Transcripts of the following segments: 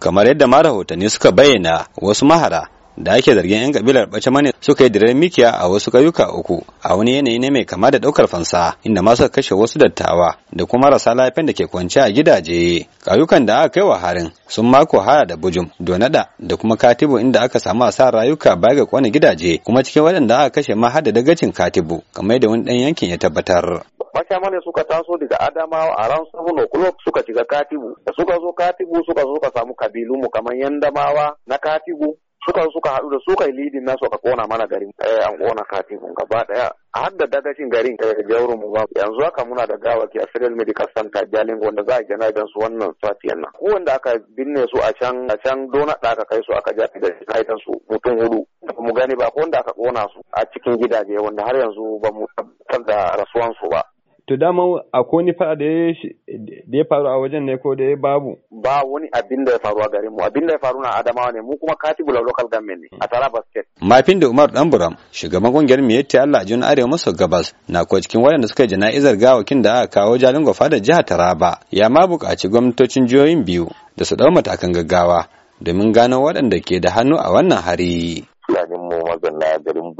kamar yadda ma rahotanni suka bayyana wasu mahara da ake zargin 'yan kabilar bace mani suka yi diren mikiya a wasu ƙauyuka uku a wani yanayi ne mai kama da ɗaukar fansa inda masu kashe wasu dattawa da kuma rasa lafiyan da ke kwance a gidaje Kayukan da aka kai wa harin sun mako hara da bujum donada da kuma katibu inda aka samu asa rayuka baya ga kone gidaje kuma cikin waɗanda aka kashe ma har da dagacin katibu kamar da wani ɗan yankin ya tabbatar makiyama ne suka taso daga adamawa a ran sabon o'clock suka shiga katibu da suka zo katibu suka zo suka samu kabilu mu kamar yandamawa na katibu suka suka haɗu da suka yi lidin nasu ka kona mana garin eh an kona katibu gaba daya har da dagacin garin eh, mu ba yanzu haka muna da gawaki a Federal Medical Center Jalin wanda za a gina su wannan satiyan nan ko wanda aka binne su a can a can dona da aka kai su aka jafi da haitan su mutum hudu mu gani ba ko wanda aka kona su a cikin gidaje wanda har yanzu ba mu tabbatar da rasuwan su ba to dama akwai wani fada da ya faru a wajen ne ko da ya babu ba wani abin da ya faru a garin mu abin da ya faru na adamawa ne mu kuma katibu local government ne a tara basket. mafin da umar buram shugaban kungiyar miyatti allah jun arewa maso gabas na ko cikin waɗanda suka jana'izar gawakin da aka kawo jalingo da jihar taraba ya ma buƙaci gwamnatocin jihohin biyu da su ɗau matakan gaggawa domin gano waɗanda ke da hannu a wannan hari. mu garin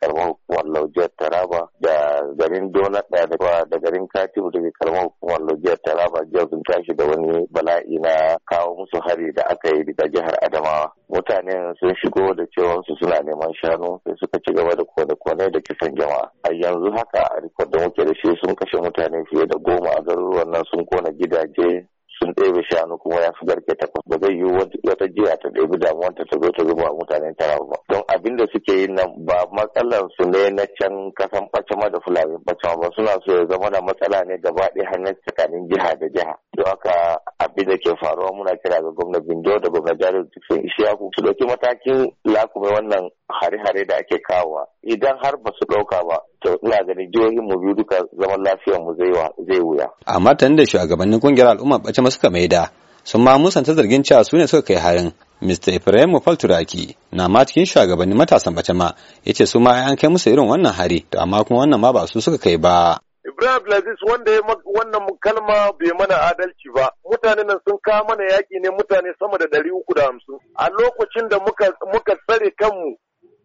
karamar hukumar laujiyar taraba da garin dola ɗaya da garin katibu da ke karamar hukumar laujiyar taraba jiya sun tashi da wani bala'i na kawo musu hari da aka yi daga jihar adamawa Mutane sun shigo da cewansu suna neman shanu sai suka ci gaba da kone-kone da kisan jama'a a yanzu haka a da muke da shi sun kashe mutane fiye da goma a garuruwan nan sun kona gidaje sun ɗebe shanu kuma ya fi garke takwas ba zai yi wata jiya ta ɗebi damuwanta ta zo ta zuba mutanen tara ba don abin da suke yi nan ba matsalar su ne na can kasan bacama da fulani bacama ba suna so ya zama da matsala ne gaba ɗaya hanyar tsakanin jiha da jiha don haka abin da ke faruwa muna kira ga gwamna bindo da gwamna jihar dukkan ku su dauki matakin lakume wannan hare-hare da ake kawowa idan har ba su dauka ba to ina ganin jihohin mu biyu duka zaman lafiyar mu zai zai wuya. a martanin da shugabannin kungiyar al'umma bace masu suka maida sun ma musanta zargin cewa su ne suka kai harin Mr. Ibrahim Falturaki na ma cikin shugabannin matasan bace ma yace su ma an kai musu irin wannan hari to amma kuma wannan ma ba su suka kai ba Abdullahi Abdulaziz wanda ya wannan kalma bai mana adalci ba. Mutane nan sun kawo mana yaƙi ne mutane sama da ɗari uku da hamsin. A lokacin da muka tsare kanmu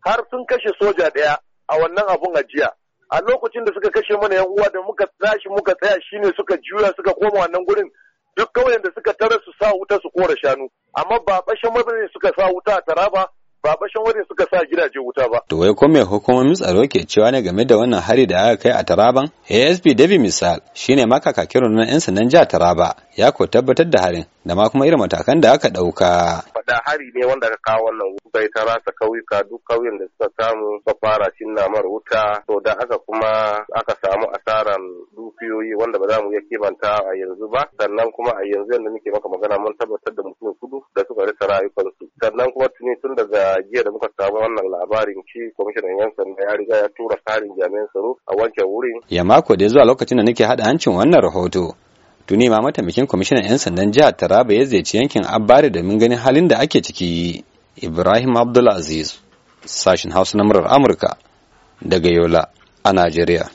har sun kashe soja ɗaya a wannan abun ajiya. A lokacin da suka kashe mana yan uwa da muka tashi muka tsaya shi ne suka juya suka koma wannan gurin duk kawai da suka tara su sa wuta su kora shanu. Amma ba ɓashin ne suka sa wuta a taraba ba bashin wani suka sa gidaje wuta ba. To wai ko me hukumomin tsaro ke cewa ne game da wannan hari da aka kai a Taraban? ASP David Misal shine maka kakirun yan 'yan sanan jihar Taraba ya ko tabbatar da harin da ma kuma irin matakan da aka ɗauka. faɗa hari ne wanda ka kawo wannan bai ta rasa kauyuka duk kauyen da suka samu ba fara cinna mar wuta to da haka kuma aka samu asaran dukiyoyi wanda ba za mu iya kimanta a yanzu ba sannan kuma a yanzu yadda muke maka magana mun tabbatar da mutum kudu da suka rasa rayukansu sannan kuma tuni tun daga jiya da muka samu wannan labarin ci kwamishinan yan sanda ya riga ya tura tsarin jami'an tsaro a wancan wurin. ya mako da zuwa lokacin da nake haɗa hancin wannan rahoto tuni ma mataimakin kwamishinan 'yan sandan jihar taraba ya ziyarci yankin abari domin ganin halin da ake ciki ibrahim abdulaziz sashen hausa na murar amurka daga yola a najeriya